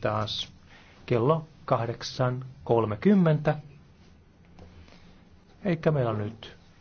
taas kello 8.30. Eikä meillä on nyt